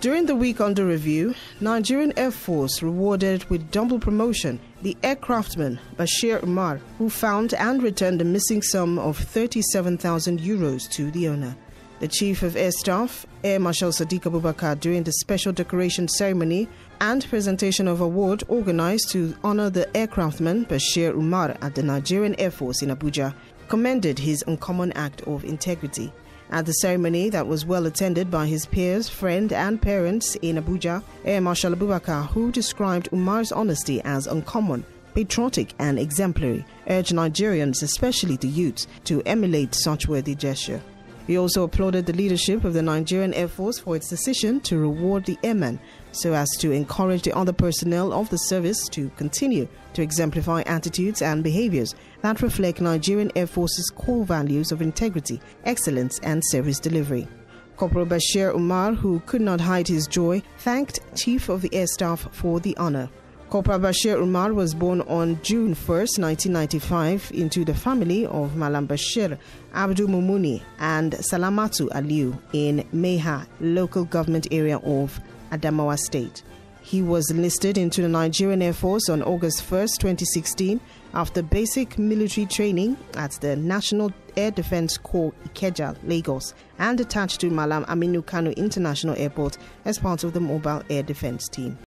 During the week under review, Nigerian Air Force rewarded with double promotion the aircraftman Bashir Umar, who found and returned a missing sum of 37,000 euros to the owner. The Chief of Air Staff, Air Marshal Sadiq Abubakar, during the special decoration ceremony and presentation of award organized to honor the aircraftman Bashir Umar at the Nigerian Air Force in Abuja, commended his uncommon act of integrity. At the ceremony that was well attended by his peers, friends, and parents in Abuja, Air Marshal Abubakar, who described Umar's honesty as uncommon, patriotic, and exemplary, urged Nigerians, especially the youth, to emulate such worthy gesture. He also applauded the leadership of the Nigerian Air Force for its decision to reward the airmen so as to encourage the other personnel of the service to continue to exemplify attitudes and behaviors that reflect Nigerian Air Force's core values of integrity, excellence, and service delivery. Corporal Bashir Umar, who could not hide his joy, thanked Chief of the Air Staff for the honor. Kopra Bashir Umar was born on June 1, 1995, into the family of Malam Bashir Abdul Mumuni and Salamatu Aliu in Meha, local government area of Adamawa State. He was enlisted into the Nigerian Air Force on August 1, 2016, after basic military training at the National Air Defense Corps Ikeja, Lagos, and attached to Malam Aminu Kano International Airport as part of the Mobile Air Defense Team.